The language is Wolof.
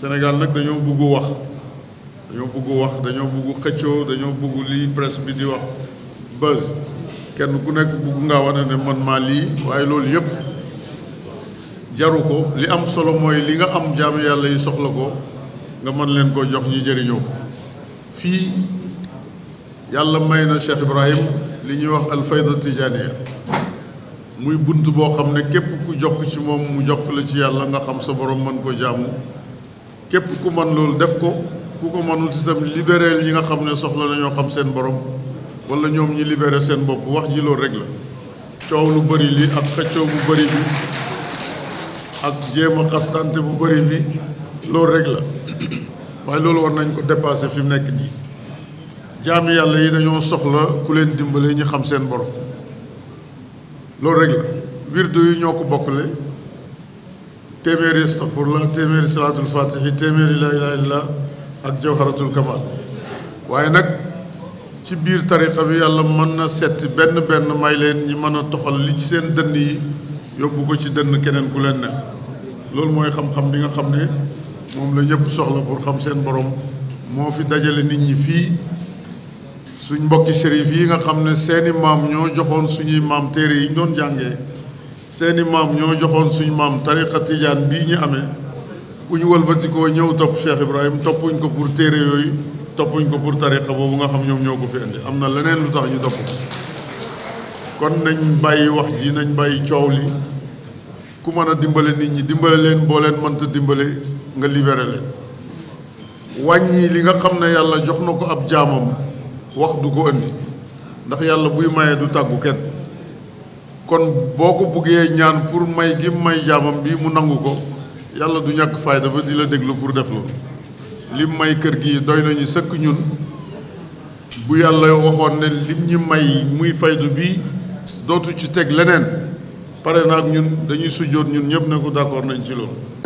senegal nag dañoo bëgg wax dañoo bëgg wax xëccoo dañoo bëgg lii presse bi di wax buzz kenn ku nekk bëgg ngaa wane ne man maa lii waaye loolu yëpp jaru ko li am solo mooy li nga am jaamu yàlla yi soxla ko nga mën leen koo jox ñi jariñoo fii yàlla may na Cheikh Ibrahim li ñuy wax alfayda tijaniya muy bunt boo xam ne képp ku jokk ci moom mu jokk la ci yàlla nga xam sa borom mën koo jaamu képp ku mën loolu def ko ku ko mënul itam libéral ñi nga xam ne soxla nañoo xam seen borom wala ñoom ñi libéré seen bopp wax ji loolu rek la coow lu bari li ak xëccoo bu bëri bi ak jéem a xastante bu bari bi loolu rek la waaye loolu war nañ ko dépasé fi mu nekk nii jaami yàlla yi dañoo soxla ku leen dimbale ñu xam seen borom loolu rek la yi ñoo ko bokkale téeméeri astafurlah téeméeri salaatul fatihi téeméeri laa ilaaha ak jawharatul kamal waaye nag ci biir tariqa bi yàlla mën na seeti benn benn may leen ñi mën a toxal li ci seen dënn yi yóbbu ko ci dënn keneen ku leen neex loolu mooy xam-xam bi nga xam ne moom la ñëpp soxla pour xam seen boroom moo fi dajale nit ñi fii suñ mbokki shérif yi nga xam ne seeni maam ñoo joxoon suñuy maam téere yi ñu doon jàngee seni maam ñoo joxoon suñ maam tariqa tijaan bii ñu amee bu ñu wëlbatikoo ñëw topp Cheikh Ibrahim toppuñ ko pour téere yooyu toppuñ ko pour tariqa boobu nga xam ñoom ñoo ko fi indi am na leneen lu tax ñu topp kon nañ bàyyi wax ji nañ bàyyi coow li ku mën a dimbale nit ñi dimbale leen boo leen mënta dimbale nga libéré leen wàññi li nga xam ne yàlla ko ab jaamam wax du ko indi ndax yàlla buy maye du tàggu kenn kon boo ko buggee ñaan pour may gi may jaamam bi mu nangu ko yàlla du ñàkk fayda ba di la déglu pour def loolu lim may kër gi doy nañu sëkk ñun bu yàlla waxoon ne lim ñi may muy faydu bi dootu ci teg leneen pare naag ñun dañuy sujjóot ñun ñëpp ne ko d'accord nañ ci loolu